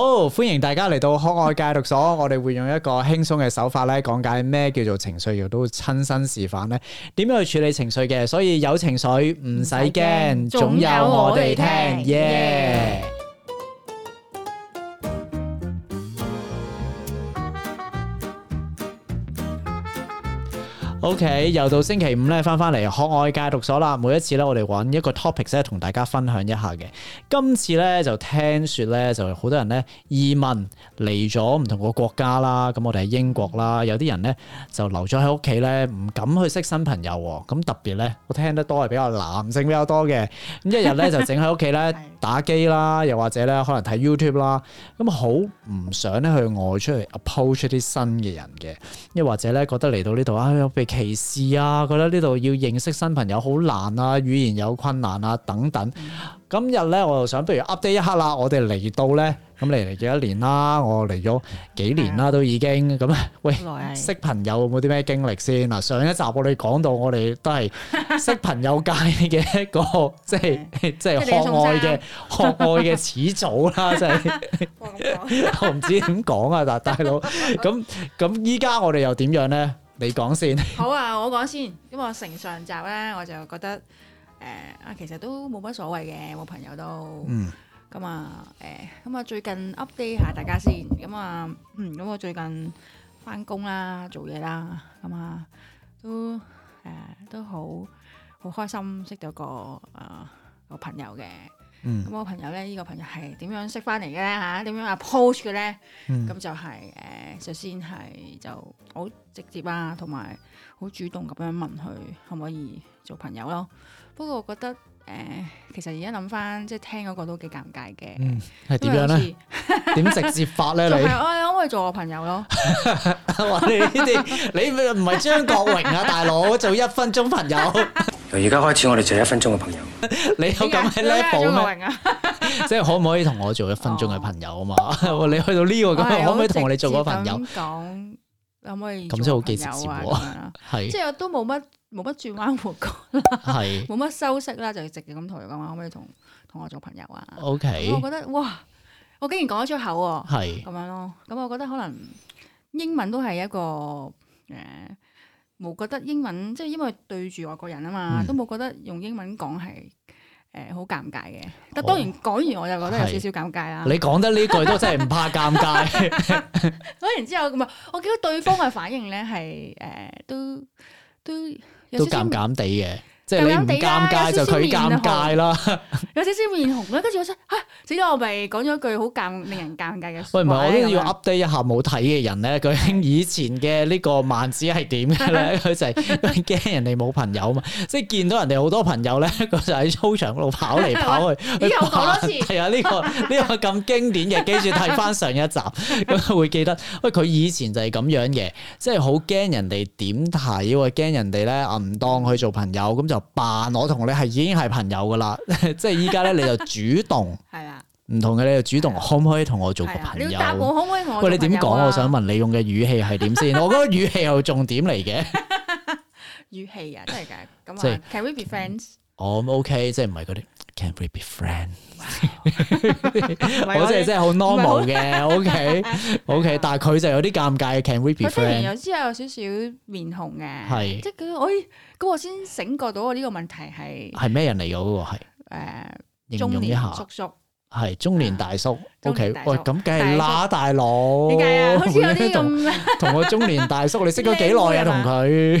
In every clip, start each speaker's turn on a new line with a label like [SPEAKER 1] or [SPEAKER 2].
[SPEAKER 1] 好，oh, 歡迎大家嚟到可愛戒毒所。 我哋會用一個輕鬆嘅手法咧，講解咩叫做情緒，亦都親身示範呢點樣去處理情緒嘅。所以有情緒唔使驚，總有我哋聽。Yeah! yeah! O.K. 又到星期五咧，翻翻嚟學外戒讀所啦。每一次咧，我哋揾一個 topic 咧，同大家分享一下嘅。今次咧就聽説咧，就好多人咧移民嚟咗唔同個國家啦。咁我哋喺英國啦，有啲人咧就留咗喺屋企咧，唔敢去識新朋友喎、哦。咁特別咧，我聽得多係比較男性比較多嘅。咁一日咧就整喺屋企咧打機啦，又或者咧可能睇 YouTube 啦。咁好唔想咧去外出去 approach 啲新嘅人嘅，又或者咧覺得嚟到呢度啊，哎歧視啊！覺得呢度要認識新朋友好難啊，語言有困難啊，等等。今日咧，我又想不如 update 一刻啦。我哋嚟到咧，咁嚟嚟幾多年啦、啊？我嚟咗幾年啦、啊，都已經咁麼。喂，啊、識朋友有冇啲咩經歷先嗱？上一集我哋講到，我哋都係識朋友界嘅一個，即係即係學愛嘅學愛嘅始祖啦。即係我唔知點講啊，大大佬。咁咁， 依家我哋又點樣咧？你講先，
[SPEAKER 2] 好啊！我講先，咁我承上集咧，我就覺得誒啊、呃，其實都冇乜所謂嘅，我朋友都，咁啊，誒，咁啊，最近 update 下大家先，咁、嗯、啊，嗯，咁我最近翻工啦，做嘢啦，咁啊，都誒，都好，好開心識到個誒、呃、個朋友嘅。咁我朋友咧，呢、嗯、個朋友係點樣識翻嚟嘅咧？嚇，點樣 approach 嘅咧？咁就係、是、誒、呃，首先係就好直接啊，同埋好主動咁樣問佢可唔可以做朋友咯。不過我覺得誒、呃，其實而家諗翻即係聽嗰個都幾尷尬嘅。嗯，係點樣咧？點直接法咧、 就是，你可唔可以做我朋友咯。
[SPEAKER 1] 你呢啲你唔係張國榮啊，大佬 做一分鐘朋友。
[SPEAKER 2] 由而
[SPEAKER 1] 家開始，我哋就係一分鐘嘅朋友。 你有咁嘅第一步啊！ 即係可唔可以同我做一分鐘嘅朋友啊？嘛，你去到呢個咁，可唔可以同我哋做個朋友？
[SPEAKER 2] 講，可唔可以？
[SPEAKER 1] 咁先好機智節目即係都
[SPEAKER 2] 冇乜冇乜轉彎抹角
[SPEAKER 1] 啦，係冇
[SPEAKER 2] 乜修飾啦，就係直咁同佢講：可唔可以同同我做朋友啊？OK，、嗯、我覺得哇，我竟然講得出口喎，咁是樣咯。咁我覺得可能英文都係一個誒。嗯冇覺得英文，即係因為對住外國人啊嘛，嗯、都冇覺得用英文講係誒好尷尬嘅。但當然講完我就覺得有少少尷尬啦、哦。你講得呢句都真
[SPEAKER 1] 係唔怕尷尬。講
[SPEAKER 2] 完之後咁啊，我見到對方嘅反應咧係誒都都有少少都
[SPEAKER 1] 尷尬地嘅。即係你唔尷尬、啊、就佢尷尬啦，
[SPEAKER 2] 有少少面紅啦。跟住 我想，死咗、啊、我咪講咗句好尷令人尷尬嘅。喂，唔係我都要
[SPEAKER 1] update 一下冇睇嘅人咧。佢以前嘅呢個萬子係點嘅咧？佢 就係、佢、驚人哋冇朋友啊嘛。 即係見到人哋好多朋友咧，佢就喺操場度跑嚟跑去。呢、 呢個我知。啊、 呢個，呢、呢個呢個咁經典嘅，記住睇翻上一集咁 會記得。喂，佢以前就係咁樣嘅，即係好驚人哋點睇，驚人哋咧唔當佢做朋友，咁就。扮，我同你係已經係朋友噶啦，即係依家咧你就主動，係 啊，唔同嘅你就主動，可唔可以同我做個朋友？啊、我可唔可以喂，你點講？ 我想問你用嘅語氣係點先？ 我覺得語氣又重點嚟嘅，
[SPEAKER 2] 語氣啊，真係噶，咁即、就是、Can we be friends？、嗯
[SPEAKER 1] 哦 OK，即係唔係嗰啲？Can we be friends？
[SPEAKER 2] 我即係即係好 normal 嘅
[SPEAKER 1] ，OK，OK，但係佢就有啲尷尬嘅。Can we be friends？佢
[SPEAKER 2] 聽完又之後有少少面紅嘅，係即係我咁我先醒覺到我呢個問題係
[SPEAKER 1] 係咩人嚟㗎嗰個係誒中年叔叔係中年大叔，OK 喂咁梗係啦大佬點解啊？好似有啲同同我中年大叔你識咗幾耐啊？同佢。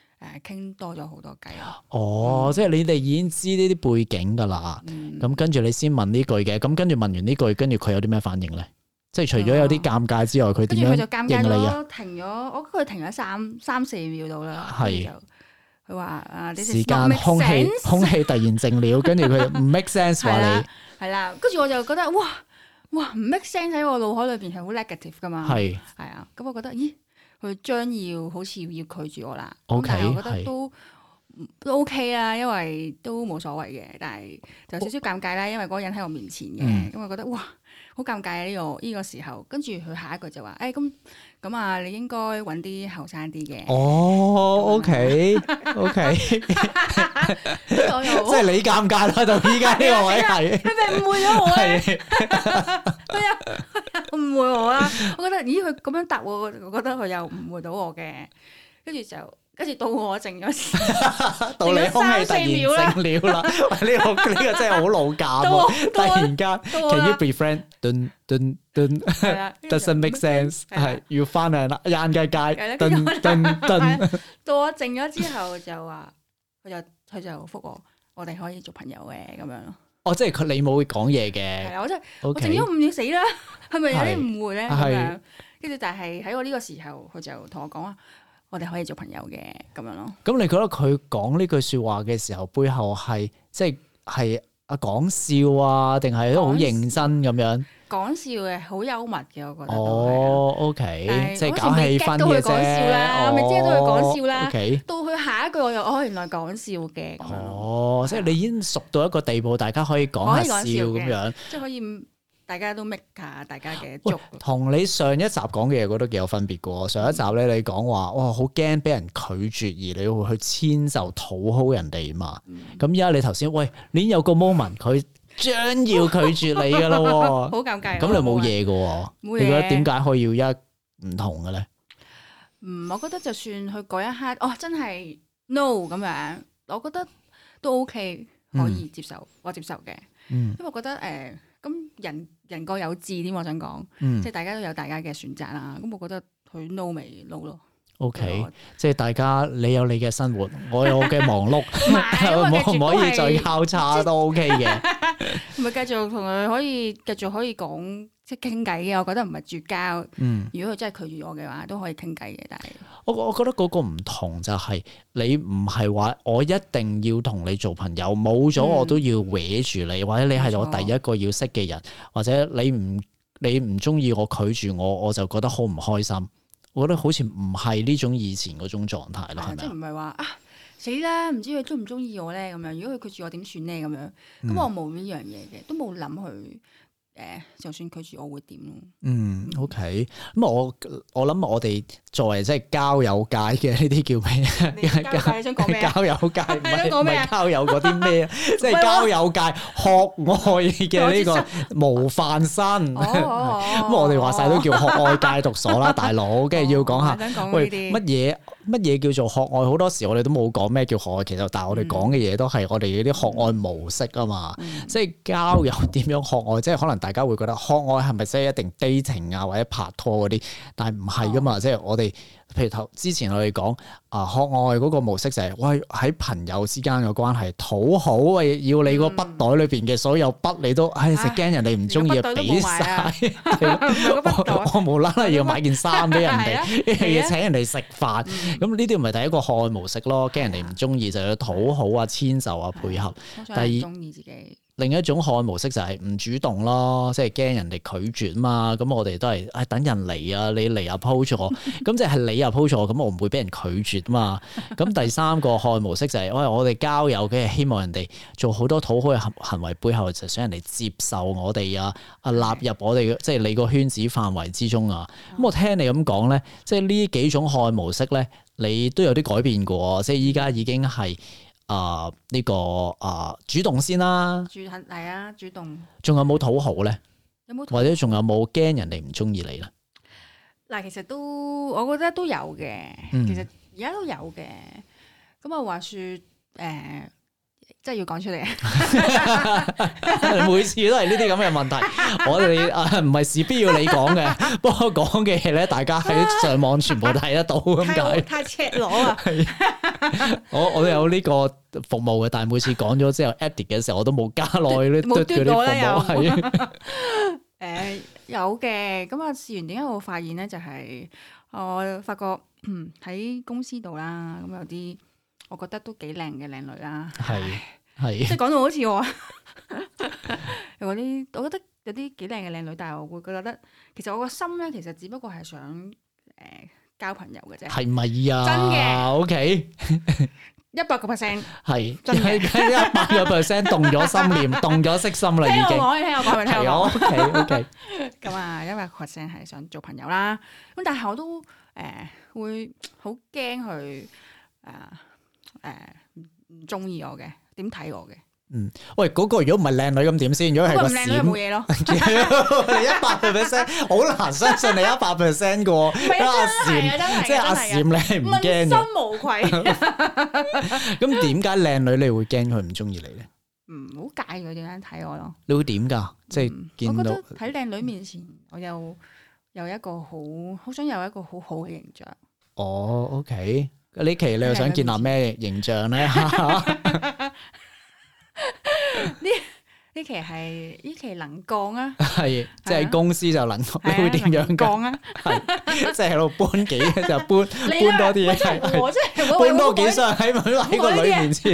[SPEAKER 2] 誒，傾多咗好多偈
[SPEAKER 1] 咯。哦，即係你哋已經知呢啲背景噶啦。咁跟住你先問呢句嘅，咁跟住問完呢句，跟住佢有啲咩反應咧？即係除咗有啲尷尬之外，佢點樣應你啊？
[SPEAKER 2] 停咗，我佢停咗三三四秒度啦。係。佢話啊，啲時間空氣空氣
[SPEAKER 1] 突然靜了，跟住佢唔 make sense 話你。
[SPEAKER 2] 係啦，跟住我就覺得哇哇唔 make sense 喺我腦海裏邊係好 negative 噶嘛。係。係啊，咁我覺得咦。佢將要好似要拒絕我啦，咁但係我覺得都都 OK 啦，因為都冇所謂嘅，但係就少少尷尬啦，因為嗰個人喺我面前嘅，咁我覺得哇好尷尬啊！呢個呢個時候，跟住佢下一句就話，誒咁咁啊，你應該搵啲後生啲嘅。
[SPEAKER 1] 哦，OK OK，即係你尷尬啦，到依家呢個位係，佢哋誤會咗我咧，對
[SPEAKER 2] 啊。誤會我啦！我覺得，咦，佢咁樣答我，我覺得佢又誤會到我嘅。跟住就，跟住到我靜咗時，到你空氣，突然靜了啦！呢個
[SPEAKER 1] 呢個真係好老繭，突然間。Can you be friends？Dun dun dun，doesn't make sense。係要翻嚟啦，眼界界。到
[SPEAKER 2] 我靜咗之後，就話佢就佢就復我，我哋可以做朋友嘅咁樣咯。
[SPEAKER 1] 哦，即係佢你冇會講嘢嘅，係啊！我真係 Okay. 我仲要
[SPEAKER 2] 唔要死啦？係咪有啲誤會咧？咁跟住，嗯、的但係喺我呢個時候，佢就同我講啊，我哋可以做朋友嘅
[SPEAKER 1] 咁樣咯。咁你覺得佢講呢句說話嘅時候背後係即係係？啊講笑啊，定係都好認真咁樣。
[SPEAKER 2] 講笑嘅，好幽默嘅，我覺得。
[SPEAKER 1] 哦，OK，即係搞氣氛嘅啫。哦，咪即係都去講笑啦。OK，
[SPEAKER 2] 到佢下一句我又哦，原來講笑嘅。哦，即
[SPEAKER 1] 係你已經熟到一個地步，大家可以講下笑咁樣，即
[SPEAKER 2] 係可以。大家都 make 下大家嘅足。
[SPEAKER 1] 同你上一集講嘅嘢，我覺得幾有分別嘅。上一集咧，你講話哇，好驚俾人拒絕，而你會去遷就討好人哋嘛。咁而家你頭先，喂，你有個 moment，佢將要拒絕你噶啦，好尷尬。咁你冇嘢嘅。你覺得點解可以一唔同嘅咧？嗯，
[SPEAKER 2] 我覺得就算佢嗰一刻，哦，真係 no 咁樣，我覺得都 OK，可以接受，嗯、我接受嘅。嗯，因為我覺得誒，咁、呃、人。人各有志添，我想講，嗯、即係大家都有大家嘅選擇啦。咁我覺得佢 no 未 no 咯。
[SPEAKER 1] O K，即係大家你有你嘅生活，我有我嘅忙碌，唔 可以再交叉都 O K 嘅。
[SPEAKER 2] 咪係繼續同佢可以繼續可以講。即傾偈嘅，我覺得唔係絕交。嗯、如果佢真係拒絕我嘅話，都可以傾偈嘅。但係
[SPEAKER 1] 我我覺得嗰個唔同就係、是、你唔係話我一定要同你做朋友，冇咗我都要搲住你，嗯、或者你係我第一個要識嘅人，錯或者你唔你唔中意我拒絕我，我就覺得好唔開心。我覺得好似唔係呢種以前嗰種狀態咯，係咪、嗯、嗎即
[SPEAKER 2] 唔係話啊死啦！唔知佢中唔中意我咧咁樣。如果佢拒絕我點算咧咁樣？咁我冇呢樣嘢嘅，都冇諗佢。誒，就算拒絕我會點？嗯
[SPEAKER 1] ，OK，咁我我諗我哋作為即係交友界嘅呢啲叫咩？交友界唔係唔係交友嗰啲咩啊？即係交友界學愛嘅呢個模範生。咁我哋話晒都叫學愛戒毒所啦，大佬。跟住要講下，喂，乜嘢乜嘢叫做學愛？好多時我哋都冇講咩叫學愛，其實，但係我哋講嘅嘢都係我哋嗰啲學愛模式啊嘛。即係交友點樣學愛，即係可能大家會覺得課外係咪即係一定 dating 啊或者拍拖嗰啲？但係唔係噶嘛，即係我哋譬如頭之前我哋講啊，課外嗰個模式就係喂，喺朋友之間嘅關係討好，要你個筆袋裏邊嘅所有筆你都唉，成驚人哋唔中意，俾晒我冇啦啦，要買件衫俾人哋，要請人哋食飯，咁呢啲唔係第一個課外模式咯，驚人哋唔中意就要討好啊、遷就啊、配合。第二中意自己。另一種害模式就係唔主動咯，即係驚人哋拒絕嘛。咁我哋都係誒等人嚟啊，你嚟又鋪錯，咁即係你又鋪錯，咁我唔會俾人拒絕嘛。咁、哎啊啊啊、第三個害模式就係、是哎、我哋交友嘅，希望人哋做好多討好嘅行行為，背後就想人哋接受我哋啊，啊納入我哋即係你個圈子範圍之中啊。咁我聽你咁講咧，即係呢幾種害模式咧，你都有啲改變過，即係依家已經係。啊！呢、呃這個啊、呃，主動先啦，
[SPEAKER 2] 主係啊，主動。
[SPEAKER 1] 仲有冇討好咧？
[SPEAKER 2] 有冇或者仲
[SPEAKER 1] 有冇驚人哋唔鍾意你咧？
[SPEAKER 2] 嗱，其實都，我覺得都有嘅。其實而家都有嘅。咁啊，話說誒。呃即係要講出
[SPEAKER 1] 嚟， 每次都係呢啲咁嘅問題，我哋啊唔係是必要你講嘅，不過講嘅嘢咧，大家喺上網全部都睇得到咁解， 太赤裸啊！ 我我都有呢個服務嘅，但係每次講咗之後 edit 嘅時候，我都冇加耐呢啲服務係，又誒
[SPEAKER 2] 呃、有嘅，咁啊試完點解我發現咧就係、是、我發覺喺、嗯、公司度啦，咁有啲。我覺得都幾靚嘅靚女啦，係係，即係講到好似我啲，我覺得有啲幾靚嘅靚女，但係我會覺得其實我個心咧，其實只不過係想誒、呃、交朋友嘅啫，係
[SPEAKER 1] 咪啊？真嘅的，OK，
[SPEAKER 2] 一百個 percent
[SPEAKER 1] 係真係一百個 percent 動咗心念，動咗色心啦，已經好好 可以聽我講咪聽我講，OK
[SPEAKER 2] OK。咁啊， 一百個 percent 係想做朋友啦，咁但係我都誒會好驚佢。啊、呃。呃誒，唔中意我嘅，點睇我嘅？
[SPEAKER 1] 嗯，喂，嗰個如果唔係靚女咁點先？如果係唔靚，就冇嘢咯。你一百 percent，好難相信你一百 percent 嘅。阿閃，即係阿閃，你唔驚嘅？問心無愧。咁點解靚女你會驚佢唔中意你咧？
[SPEAKER 2] 唔好介意佢點樣睇我咯。
[SPEAKER 1] 你會點噶？即係見到喺
[SPEAKER 2] 靚女面前，我又有一個好好想有一個好好嘅形象。
[SPEAKER 1] 哦，OK。呢期你又想建立咩形象
[SPEAKER 2] 呢？哈哈。呢期係呢期能降啊！
[SPEAKER 1] 係，即係公司就能，你會點樣降啊？即係喺度搬幾咧，就搬搬多啲嘢。我即係搬多幾箱喺喺個女面前。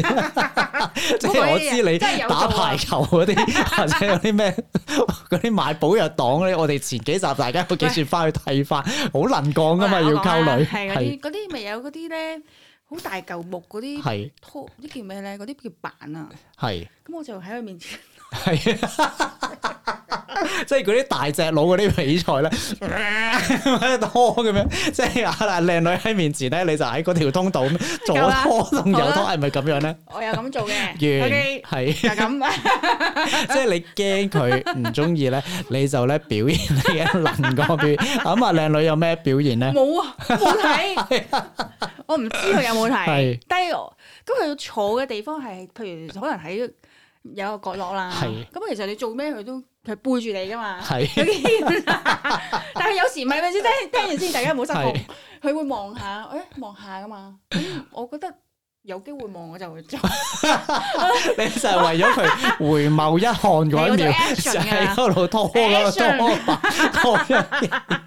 [SPEAKER 1] 即係我知你打排球嗰啲，或者有啲咩嗰啲買保育檔咧。我哋前幾集大家都幾時翻去睇翻？好能降噶嘛？要溝女係
[SPEAKER 2] 嗰啲嗰啲咪有嗰啲咧，好大嚿木嗰啲，係拖啲叫咩咧？嗰啲叫板啊。係。咁我就喺佢面前。
[SPEAKER 1] 係啊、 呃，即係嗰啲大隻佬嗰啲比賽咧，多嘅咩？即係阿阿靚女喺面前咧，你就喺嗰條通道，道左拖同右拖，係咪咁樣咧？
[SPEAKER 2] 我有咁做嘅，
[SPEAKER 1] 係咁，即係你驚佢唔中意咧，你就咧表現你嘅能嗰邊。咁啊，靚女有咩表現咧？
[SPEAKER 2] 冇啊，冇睇， 我唔知佢有冇睇的。 但係，咁佢要坐嘅地方係，譬如可能喺。有一個角落啦，咁是其實你做咩佢都佢背住你噶嘛，是 但係有時唔係，聽聽完先大家唔好失控，佢是會望下，誒、哎、望下噶嘛、嗯，我覺得有機會望我就
[SPEAKER 1] 會做，你就係為咗佢回眸一看，嗰一秒， 就喺度拖拖拖一。Action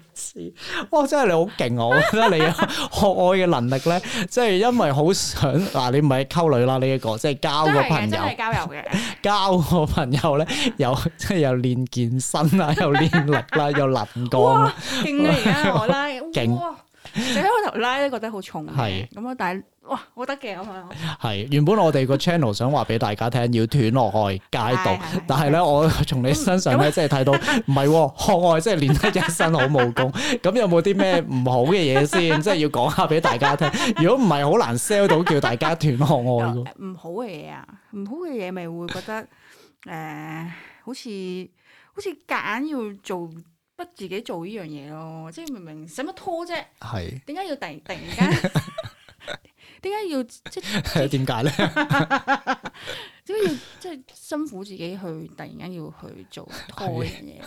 [SPEAKER 1] 哇！真係你好勁，我覺得你學我嘅能力咧， 即係因為好想嗱、啊，你唔係溝女啦呢一個，即係交個朋友，真係交友嘅， 交個朋友咧，又即係又練健身啦，又練力啦，又 能講，勁啊！我拉勁，
[SPEAKER 2] 你喺我 害頭拉都覺得好重嘅，咁啊是，但係。哇，好得嘅咁樣！
[SPEAKER 1] 係原本我哋個 channel 想話俾大家聽要斷落去街道，唉但係咧我從你身上咧，嗯、即係睇到唔係、嗯、學外，即係練得一身好武功。咁 有冇啲咩唔好嘅嘢先？ 即係要講下俾大家聽。如果唔係好難 sell 到，叫大家斷學外。唔、
[SPEAKER 2] 嗯、好嘅嘢啊，唔好嘅嘢咪會覺得誒、呃，好似好似夾硬要做，不自己做呢樣嘢咯。即、就、係、是、明明使乜拖啫，係點解要突突然間？ 點解要即係
[SPEAKER 1] 點解咧？
[SPEAKER 2] 點解何 要即係辛苦自己去突然間要去做拖嘅嘢？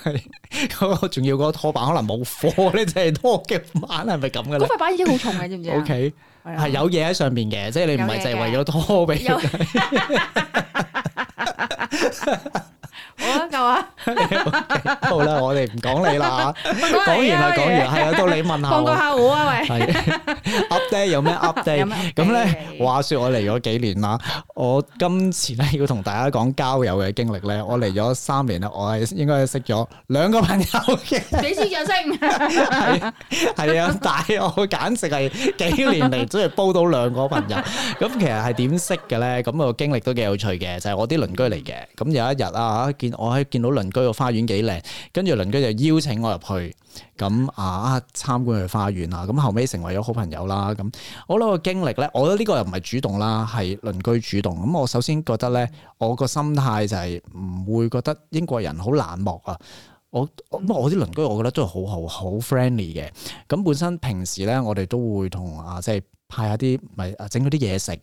[SPEAKER 1] 嗰仲、嗰個、要嗰個拖板可能冇貨咧，即係拖嘅板係咪咁嘅？塊板
[SPEAKER 2] 已經好重嘅，知唔知？OK，
[SPEAKER 1] 係有嘢喺上邊嘅，即係你唔係淨係為咗拖俾。
[SPEAKER 2] 好啊，夠
[SPEAKER 1] 啊，好啦，我哋唔講你啦吓，講完啦，講完係啊，到你問下我，問個客戶啊，喂，update，有咩 update？咁咧，話說我嚟咗幾年啦，我今次咧要同大家講交友嘅經歷咧，我嚟咗三年啦，我係應該係識咗兩個朋友嘅，幾
[SPEAKER 2] 時就識，
[SPEAKER 1] 係係啊，但係我簡直係幾年嚟都係煲到兩個朋友，咁其實係點識嘅咧？咁個經歷都幾有趣嘅，就係我啲鄰居嚟嘅，咁有一日啊。見我見我喺見到鄰居個花園幾靚，跟住鄰居就邀請我入去，咁啊啊參觀佢花園啊，咁、啊、後尾成為咗好朋友啦。咁我嗰個經歷咧，我覺得呢個又唔係主動啦，係鄰居主動。咁我首先覺得咧，我個心態就係唔會覺得英國人好冷漠啊。我咁我啲鄰居，我覺得都係好好好 friendly 嘅。咁本身平時咧，我哋都會同啊即係派下啲咪整嗰啲嘢食，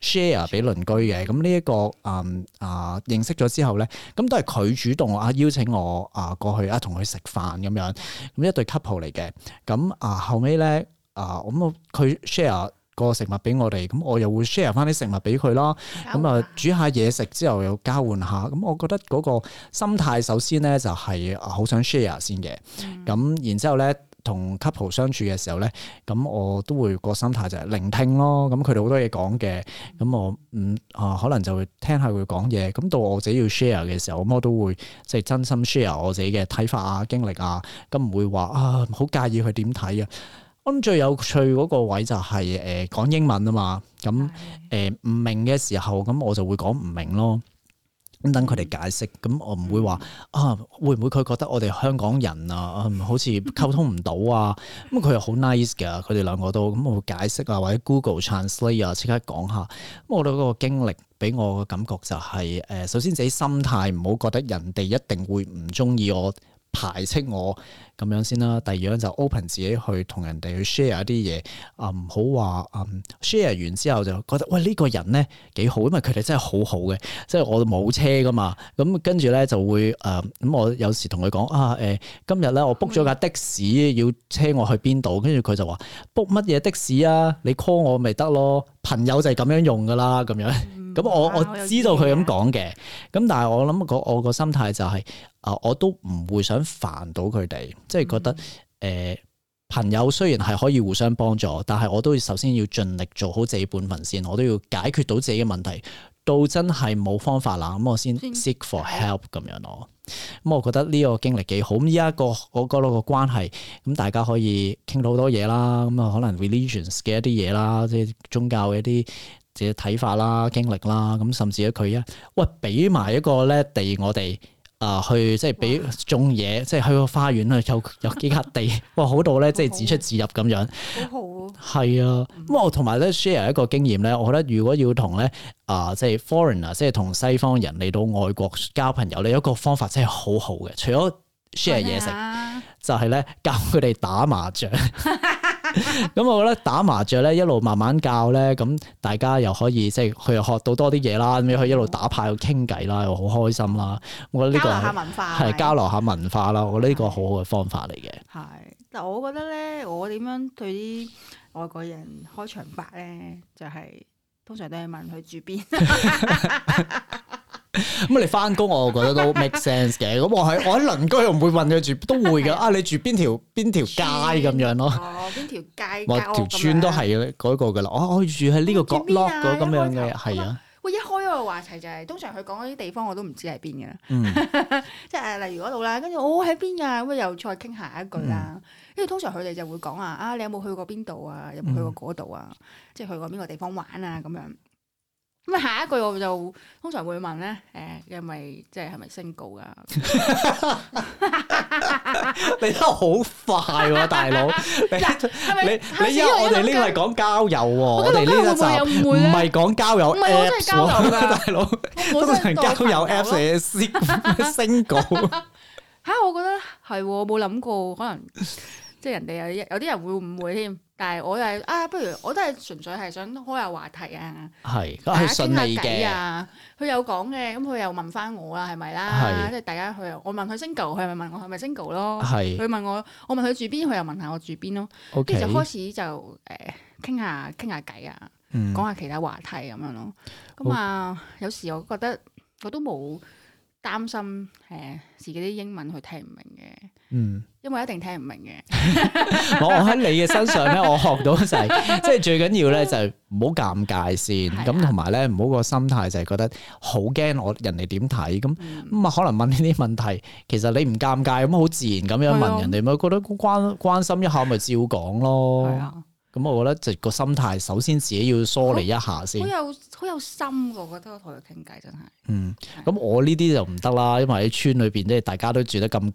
[SPEAKER 1] share 俾鄰居嘅，咁呢一個啊啊認識咗之後咧，咁都係佢主動啊邀請我啊過去啊同佢食飯咁樣，咁一對 couple 嚟嘅，咁、嗯、啊後尾咧啊咁佢 share 個食物俾我哋，咁、嗯、我又會 share 翻啲食物俾佢啦，咁啊嗎、嗯、煮下嘢食之後又交換下，咁、嗯、我覺得嗰個心態首先咧就係、是、好想 share 先嘅，咁、嗯嗯、然之後咧。同 couple 相處嘅時候咧，咁我都會、個心態就係聆聽咯。咁佢哋好多嘢講嘅，咁我嗯啊可能就會聽下佢講嘢。咁到我自己要 share 嘅時候，咁、嗯、我都會即係真心 share 我自己嘅睇法啊、經歷啊，咁、嗯、唔會話啊好介意佢點睇啊。我、嗯、最有趣嗰個位就係、是、誒、呃、講英文啊嘛，咁誒唔明嘅時候，咁我就會講唔明咯。等佢哋解釋，咁我唔會話啊，會唔會佢覺得我哋香港人啊，嗯、好似溝通唔到啊？咁佢又好 nice 嘅，佢哋兩個都咁我會解釋啊，或者 Google Translate 啊，即刻講下。咁我哋嗰個經歷俾我嘅感覺就係、是，誒、呃、首先自己心態唔好覺得人哋一定會唔中意我。排斥我咁樣先啦，第二樣就 open 自己去同人哋去 share 一啲嘢，唔好話啊，share 完之後就覺得，喂，呢個人咧幾好，因為佢哋真係好好嘅，即係我冇車噶嘛，咁跟住咧就會誒，咁我有時同佢講啊，誒今日咧我 book 咗架的士要車我去邊度，跟住佢就話 book 乜嘢的士啊，你 call 我咪得咯，朋友就係咁樣用噶啦，咁樣。咁我、嗯、我知道佢咁講嘅，咁但係我諗我個心態就係、是、啊、呃，我都唔會想煩到佢哋，即係覺得誒、嗯呃、朋友雖然係可以互相幫助，但係我都要首先要盡力做好自己本分先，我都要解決到自己嘅問題，到真係冇方法啦，咁我先 seek for help 咁樣咯。咁、嗯嗯嗯、我覺得呢個經歷幾好。咁依家個我個個關係，咁大家可以傾到好多嘢啦。咁啊，可能 religions 嘅一啲嘢啦，即係宗教嘅一啲。自己睇法啦、經歷啦，咁甚至咧佢咧，喂俾埋一個咧地我哋啊、呃，去即係俾種嘢，即係哇 去個花園去，有有幾笪地， 哇好到咧， 即係自出自入咁樣， 好啊，係啊，咁、嗯、我同埋咧 share 一個經驗咧，我覺得如果要同咧啊即係 foreigner，即係同西方人嚟到外國交朋友，你有一個方法真係好好嘅，除咗 share 嘢食，啊、就係咧教佢哋打麻將。 咁、 啊嗯、我覺得打麻雀咧一路慢慢教咧，咁大家又可以即係佢又學到多啲嘢啦，咁樣佢一路打牌又傾偈啦，又好開心啦。我覺得呢個係交流下文化，係交流下文化啦。我覺得呢個好好嘅方法嚟嘅。
[SPEAKER 2] 係，但我覺得咧，我點樣對啲外國人開場白咧，就係、是、通常都係問佢住邊。
[SPEAKER 1] 咁你翻工，我又覺得都 make sense 嘅。咁我喺我喺鄰居，又唔會問佢住，都會噶。啊，你住邊條邊條街咁樣咯？哦，邊條街？我條村都係嗰一個噶啦。我住喺呢個角落咁樣嘅，係啊。
[SPEAKER 2] 喂，一開呢個話題就係，通常佢講嗰啲地方，我都唔知係邊嘅啦。即係例如嗰度啦，跟住我喺邊啊？咁又再傾下一句啦。因為通常佢哋就會講啊，啊你有冇去過邊度啊？有冇去過嗰度啊？即係去過邊個地方玩啊？咁樣。咁啊，下一句我就通常會問咧，誒，係咪即係係咪升告噶？
[SPEAKER 1] 你得好快喎，大佬，你你因為我哋呢個係講交友，我哋呢個就唔係講交友 apps，係咯，好多人家都有 apps 寫升升告。
[SPEAKER 2] 吓，我覺得係，我冇諗過，可能即係人哋有有啲人會誤會添。但係我又係啊，不如我都係純粹係想開下話題啊，
[SPEAKER 1] 係大家傾下偈啊，
[SPEAKER 2] 佢有講嘅，咁佢又問翻我啦，係咪啦？即係大家佢我問佢 single，佢咪問我係咪 single 咯？係佢問我，我問佢住邊，佢又問下我住邊咯。跟住就 Okay. 開始就誒傾下傾下偈啊，講下、啊嗯、其他話題咁樣咯。咁啊，好有時我覺得我都冇。擔心誒自己啲英文佢聽唔明嘅，嗯，因為一定聽唔明嘅。我喺你嘅身上咧， 我學到就係、係，即
[SPEAKER 1] 係最緊要咧就係唔好尷尬先，咁同埋咧唔好個心態就係覺得好驚我人哋點睇？咁咁啊可能問呢啲問題，其實你唔尷尬，咁好自然咁樣問人哋，咪是的 覺得關關心一下咪照講咯。咁我覺得就個心態，首先自己要梳理一下先。好有
[SPEAKER 2] 好有心，我覺得我同佢傾偈真係。嗯，
[SPEAKER 1] 咁我呢啲就唔得啦，因為喺村裏邊即係大家都住得咁近，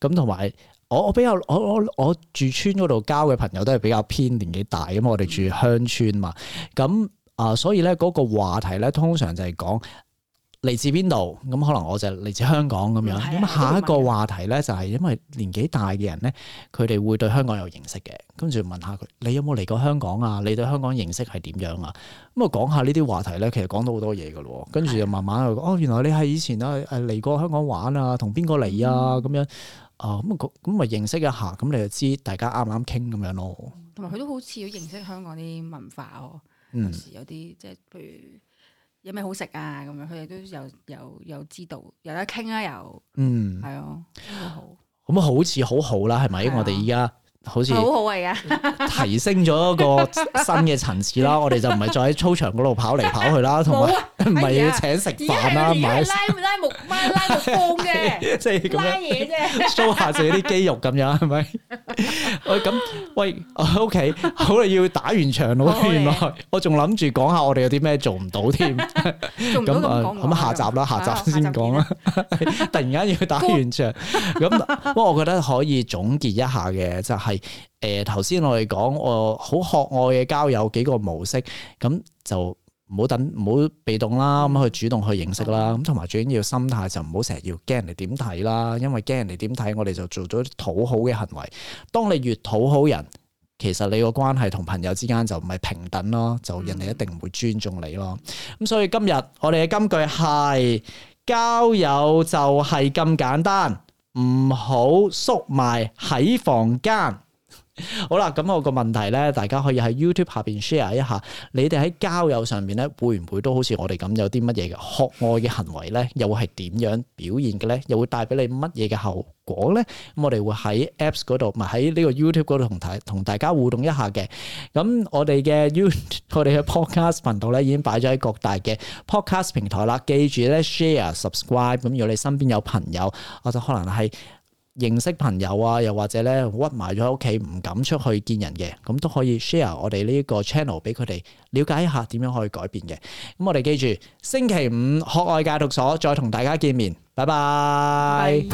[SPEAKER 1] 咁同埋我我比較我我我住村嗰度交嘅朋友都係比較偏年紀大，咁我哋住鄉村嘛，咁啊、嗯呃、所以咧嗰個話題咧通常就係講。嚟自邊度？咁可能我就嚟自香港咁樣。咁的下一個話題咧，就係因為年紀大嘅人咧，佢哋、嗯、會對香港有認識嘅。跟住問下佢：你有冇嚟過香港啊？你對香港認識係點樣啊？咁啊，講下呢啲話題咧，其實講到好多嘢嘅咯。跟住就慢慢又的哦，原來你係以前啊誒嚟過香港玩啊，同邊個嚟啊？咁樣啊咁咁啊，呃、認識一下，咁你就知大家啱唔啱傾咁樣咯。
[SPEAKER 2] 同埋佢都好似要認識香港啲文化哦。有
[SPEAKER 1] 時
[SPEAKER 2] 有啲即係譬如。嗯有咩好食啊？咁樣佢哋都有有有，有知道，有得傾啦，又
[SPEAKER 1] 嗯，係啊、哦，好好咁好似好好啦，係咪？哦、我哋而家。好似好好啊！提升咗一個新嘅層次啦，我哋就唔係再喺操場嗰度跑嚟跑去啦，同埋唔係要請食飯啦，買拉拉木、拉木弓嘅，即係咁樣拉嘢啫，show 下自己啲肌肉咁樣係咪？喂，咁喂，OK，好啦，要打完場咯，原來我仲諗住講下我哋有啲咩做唔到添，咁啊，咁下集啦，下集先講啦，突然間要打完場，咁不過我覺得可以總結一下嘅就係。誒，頭先、呃、我哋講我好學愛嘅交友幾個模式，咁就唔好等，唔好被動啦，咁去主動去認識啦。咁同埋最緊要心態就唔好成日要驚人哋點睇啦，因為驚人哋點睇，我哋就做咗討好嘅行為。當你越討好人，其實你個關係同朋友之間就唔係平等咯，就人哋一定唔會尊重你咯。咁所以今日我哋嘅金句係交友就係咁簡單，唔好縮埋喺房間。好啦，咁我個問題咧，大家可以喺 YouTube 下邊 share 一下，你哋喺交友上面咧，會唔會都好似我哋咁有啲乜嘢嘅渴愛嘅行為咧？又會係點樣表現嘅咧？又會帶俾你乜嘢嘅後果咧？咁我哋會喺 Apps 嗰度，唔係喺呢個 YouTube 度同睇，同大家互動一下嘅。咁我哋嘅 YouTube 我哋嘅 Podcast 頻道咧，已經擺咗喺各大嘅 Podcast 平台啦。記住咧，share subscribe。咁如果你身邊有朋友，我就可能係。認識朋友啊，又或者咧屈埋咗喺屋企唔敢出去見人嘅，咁都可以 share 我哋呢個 channel 俾佢哋了解一下點樣可以改變嘅。咁我哋記住星期五學外戒毒所再同大家見面，拜拜！